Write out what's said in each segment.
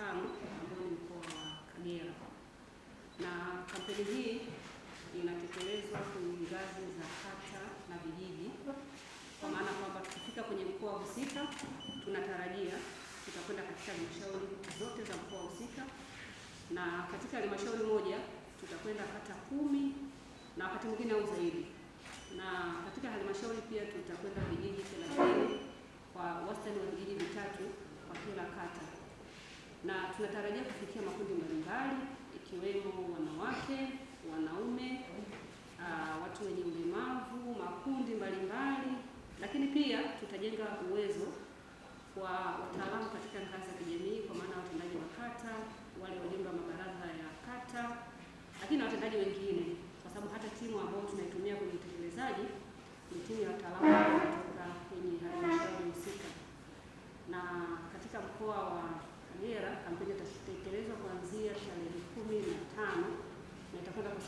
tano ambao ni mkoa wa Kagera, na kampeni hii inatekelezwa kwenye ngazi za kata na vijiji, kwa maana kwamba tukifika kwenye mkoa husika tunatarajia tutakwenda katika halmashauri zote za mkoa husika, na katika halmashauri moja tutakwenda kata kumi na wakati mwingine au zaidi, na katika halmashauri pia tutakwenda vijiji thelathini kwa wastani wa vijiji vitatu kwa kila kata na tunatarajia kufikia makundi mbalimbali ikiwemo wanawake, wanaume, uh, watu wenye ulemavu, makundi mbalimbali, lakini pia tutajenga uwezo wa wataalamu katika ngazi ya kijamii, kwa maana watendaji wa kata, wale wajumbe wa mabaraza ya kata, lakini na watendaji wengine, kwa sababu hata timu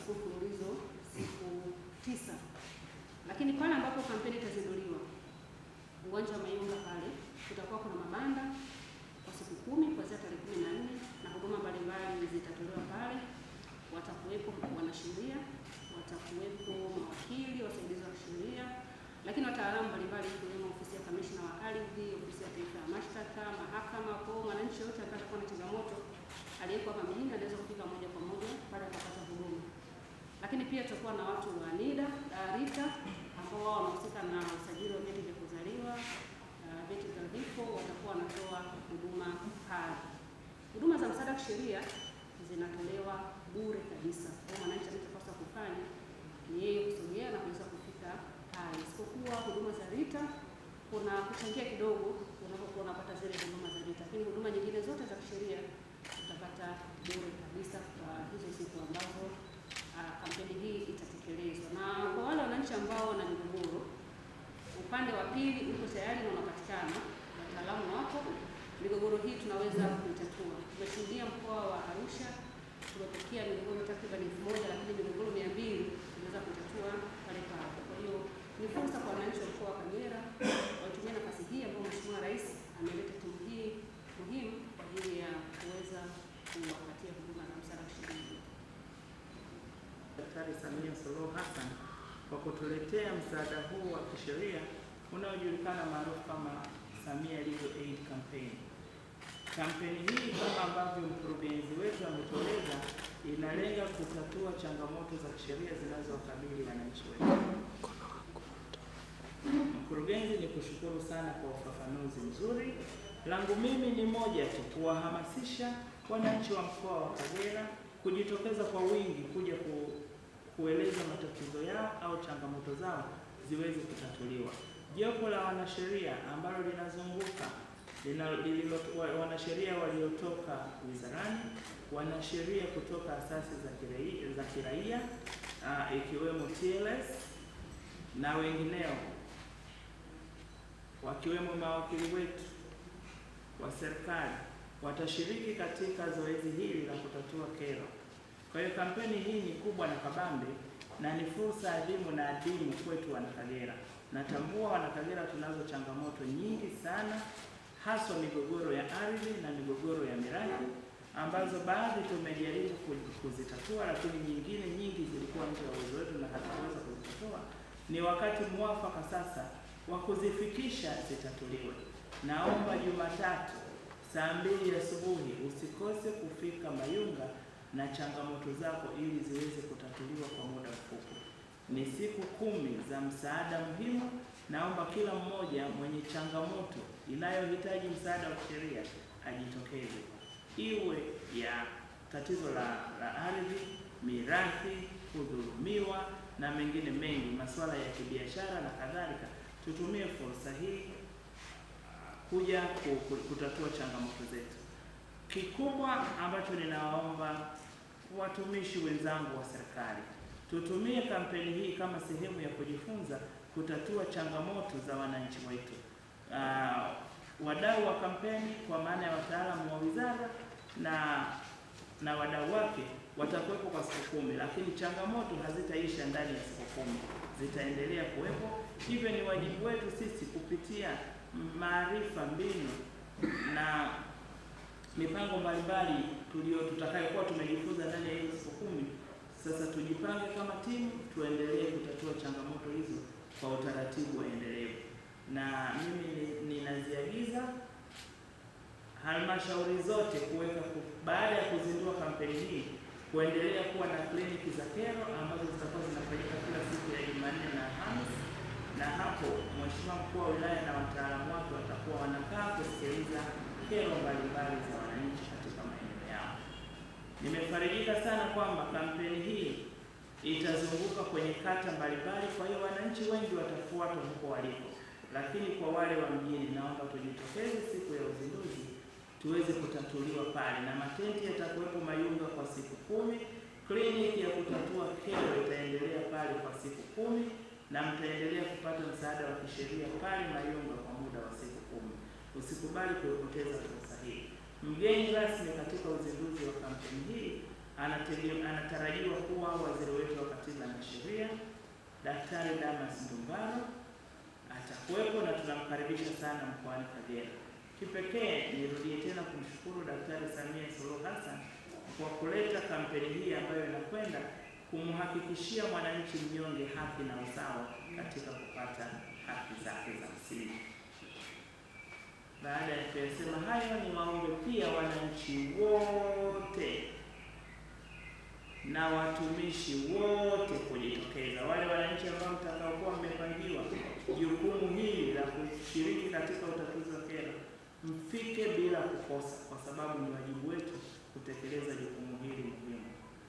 siku mfululizo siku tisa, lakini pale ambapo kampeni itazinduliwa uwanja wa Mayunga pale kutakuwa kuna mabanda kwa siku kumi kuanzia tarehe kumi na nne na huduma mbalimbali zitatolewa pale. Watakuwepo wanasheria, watakuwepo mawakili, wasaidizi wa sheria, lakini wataalamu mbalimbali ikiwemo ofisi ya kamishna wa ardhi, ofisi ya taifa ya mashtaka, mahakama kwa wananchi Pia tutakuwa na watu wa NIDA RITA ambao wao wanahusika na usajili wa vyeti vya kuzaliwa, vyeti vya vifo, watakuwa wanatoa huduma pale. Huduma za msaada wa kisheria zinatolewa bure kabisa. Kwa mwananchi anachopaswa kufanya ni yeye kusogea na kuweza kufika pale. Isipokuwa huduma za RITA kuna kuchangia kidogo unapokuwa unapata zile huduma za RITA, lakini huduma nyingine zote za kisheria utapata bure kabisa kwa hizo siku ambazo Ah, kampeni hii itatekelezwa, na kwa wale wananchi ambao wana migogoro, upande wa pili uko tayari na unapatikana, wataalamu wako, migogoro hii tunaweza kuitatua. Tumeshuhudia mkoa wa Arusha tumepokea migogoro takriban elfu moja lakini migogoro mia mbili Daktari Samia Suluhu Hassan kwa kutuletea msaada huu wa kisheria unaojulikana maarufu kama Samia Legal Aid Campaign. Kampeni hii kama ambavyo mkurugenzi wetu ametueleza, inalenga kutatua changamoto za kisheria zinazowakabili wananchi wetu. Mkurugenzi, ni kushukuru sana kwa ufafanuzi mzuri. Langu mimi ni moja tu, kuwahamasisha wananchi wa mkoa wa Kagera kujitokeza kwa wingi kuja ku kueleza matatizo yao au changamoto zao ziweze kutatuliwa. Jopo la wanasheria ambalo linazunguka wanasheria waliotoka wizarani, wanasheria kutoka asasi za kiraia uh, ikiwemo TLS na wengineo, wakiwemo mawakili wetu wa serikali watashiriki katika zoezi hili la kutatua kero. Kwa hiyo kampeni hii ni kubwa na kabambe na ni fursa adhimu na adhimu kwetu Wanakagera. Natambua Wanakagera tunazo changamoto nyingi sana, haswa migogoro ya ardhi na migogoro ya miradi ambazo baadhi tumejaribu kuzitatua, lakini nyingine nyingi zilikuwa nje ya uwezo wetu na hatukuweza kuzitatua. Ni wakati mwafaka sasa wa kuzifikisha zitatuliwe. Naomba Jumatatu saa mbili asubuhi usikose kufika Mayunga na changamoto zako ili ziweze kutatuliwa kwa muda mfupi. Ni siku kumi za msaada muhimu. Naomba kila mmoja mwenye changamoto inayohitaji msaada wa sheria ajitokeze, iwe ya tatizo la, la ardhi, mirathi, kudhulumiwa na mengine mengi, masuala ya kibiashara na kadhalika. Tutumie fursa hii kuja kutatua changamoto zetu. Kikubwa ambacho ninaomba watumishi wenzangu wa serikali, tutumie kampeni hii kama sehemu ya kujifunza kutatua changamoto za wananchi wetu. Uh, wadau wa kampeni kwa maana ya wataalamu wa wizara na na wadau wake watakuwepo kwa siku kumi, lakini changamoto hazitaisha ndani ya siku kumi, zitaendelea kuwepo. Hivyo ni wajibu wetu sisi kupitia maarifa, mbinu na mipango mbalimbali tulio tutakayokuwa tumejifunza ndani ya hizo siku kumi. Sasa tujipange kama timu, tuendelee kutatua changamoto hizo kwa utaratibu wa endelevu, na mimi ninaziagiza halmashauri zote kuweka baada ya kuzindua kampeni hii kuendelea kuwa na kliniki za kero ambazo zitakuwa zinafanyika kila siku ya Jumanne na Alhamisi, na hapo Mheshimiwa mkuu wa wilaya na wataalamu wake watakuwa wanakaa kusikiliza kero mbalimbali za wananchi katika maeneo yao. Nimefarijika sana kwamba kampeni hii itazunguka kwenye kata mbalimbali, kwa hiyo wananchi wengi watafuata huko waliko, lakini kwa wale wa mjini, naomba tujitokeze siku ya uzinduzi tuweze kutatuliwa pale, na matenti yatakuwepo Mayunga kwa siku kumi. Kliniki ya kutatua kero itaendelea pale kwa siku kumi, na mtaendelea kupata msaada wa kisheria pale Mayunga kwa muda wa siku usikubali kuipoteza fursa hii. Mgeni rasmi katika uzinduzi wa kampeni hii anatarajiwa kuwa waziri wetu wa katiba na sheria Daktari Damas Ndumbaro atakuwepo na tunamkaribisha sana mkoani Kagera. Kipekee nirudie tena kumshukuru Daktari Samia Suluhu Hassan kwa kuleta kampeni hii ambayo inakwenda kumhakikishia mwananchi mnyonge haki na usawa katika Baada ya kuyasema hayo, ni waombe pia wananchi wote na watumishi wote kujitokeza. Wale wananchi ambao mtakaokuwa mmepangiwa jukumu hili la kushiriki katika utatuzi wa kero, mfike bila kukosa, kwa sababu ni wajibu wetu kutekeleza jukumu hili.